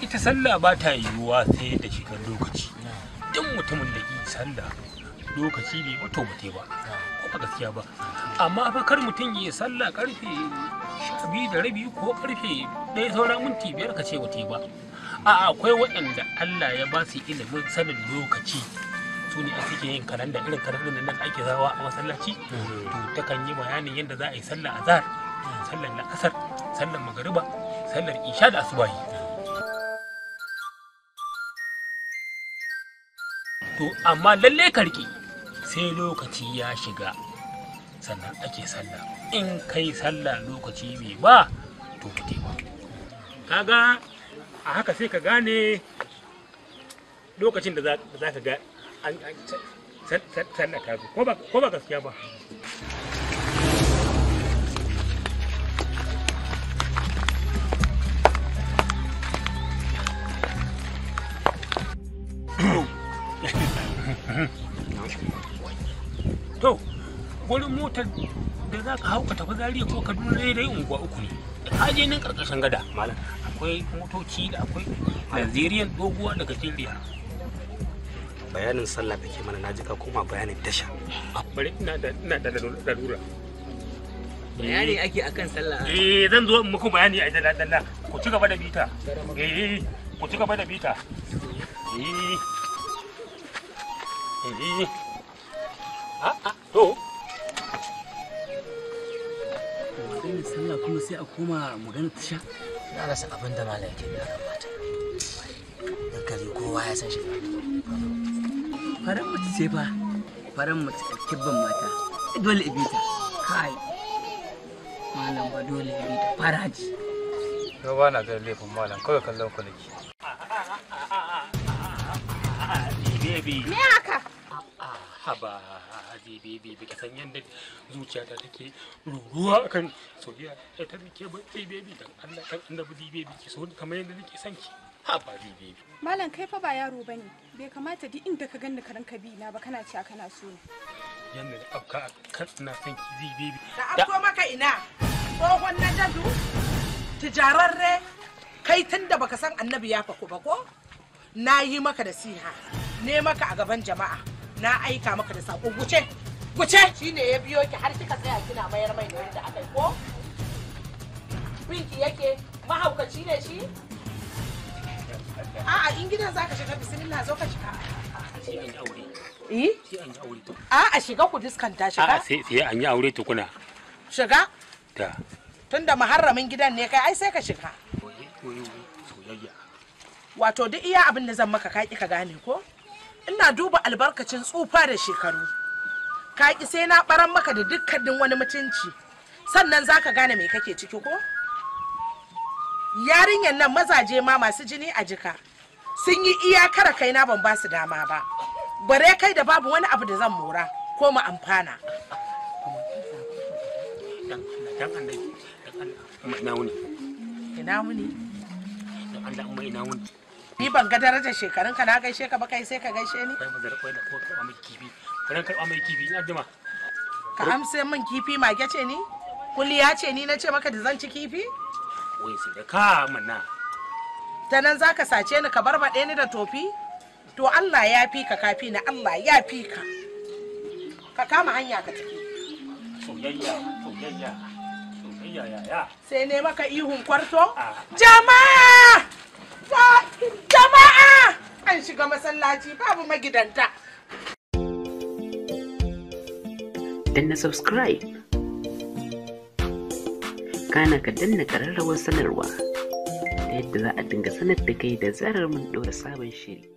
ita sallah ba ta yiwuwa sai da shigar lokaci duk mutumin da ke sallah lokaci bai mutu mutai ba ko ba gaskiya ba amma fa kar mutum ya sallah karfe biyu da rabi ko karfe ɗaya sauran minti biyar ka ce mutu ba a akwai waɗanda Allah ya ba su ilimin sanin lokaci su ne suke yin kalanda irin kalandar nan ake zawa a masallaci mm-hmm. to ta kan yi bayanin yadda za a yi sallah azhar sallar la'asar sallar magariba sallar isha da asubahi to amma lalle karki sai lokaci ya shiga sannan ake sallah in kai sallah lokaci bai ba to kute ba kaga a haka sai ka gane lokacin da za ka ga sallah ta ko ba gaskiya ba to gurin motar da za ka hauka tafi zariya ko kaduna dai dai unguwa uku ne haje nan karkashin gada malam akwai motoci da akwai alzeriyan doguwa daga jiriya bayanin sallah da ke mana naji ka koma bayanin dasha ah, bari ina da ina da bayani ake akan sallah eh zan zo in muku bayani a dalla dalla ku ci gaba da bita eh ku ci gaba da bita eh eh a'a ah, ah, to sai mu sallah kuma sai a koma magana tasha na rasa abin da malam yake da mata dan kare kowa ya san shi faran mace ce fa faran mace alkibban mata dole ibita kai malam ba dole ibita faraji to ba na ganin laifin malam kawai kallon ku nake me haka haba habibi baby ka san yadda zuciyata take ruruwa akan soyayya ita nake ba baby dan Allah dan annabi baby ki so kamar yadda nake son ki haba baby malam kai fa ba yaro bane bai kamata duk inda ka ganni karan ka bi na ba kana cewa kana so ne yanda da afka kan ina son ki zi baby da afko maka ina tsohon na jadu tijararre kai tunda baka san annabi ya faku ba ko na yi maka da siha ne maka a gaban jama'a na aika maka da sako wuce wuce shine ya biyo ki har kika tsaya kina mayar mai da wanda aka yi ko binki yake mahaukaci ne shi a'a in gidan zaka shiga bismillah zo ka shiga Eh? A'a shiga ku diskanta shiga. A'a sai an yi aure tukuna. Shiga? Da. Tunda muharramin gidan ne kai ai sai ka shiga. Wato duk iya abin da zan maka ka ki ka gane ko? ina duba albarkacin tsufa da shekaru ka kaki sai na baran maka da dukkanin wani mutunci sannan zaka gane me kake ciki ko yarinyar nan mazaje ma masu jini a jika sun yi iyakar na ban basu dama ba bare kai da babu wani abu da zan mora ko mu amfana ina wuni ina wuni ni ban ga darajar shekarun ka na gaishe ka ba kai sai ka gaishe ni kai mazar kai da ko ka mai kifi kuran karba mai kifi ina jima ka amsa min kifi mage ce ni Kulli ya ce ni na ce maka da zan ci kifi wai sai da ka mana ta nan zaka sace ni ka barbaɗe ni da tofi to Allah ya fi ka kafi na Allah ya fi ka ka kama hanya ka tafi soyayya soyayya soyayya ya sai ne maka ihun kwarto ah. jama'a Jama'a! An shiga masallaci babu magidanta. Danna subscribe. Kana ka danna kararrawar sanarwa ta yadda za a dinga sanar da kai da zarar mun ɗora sabon shiri.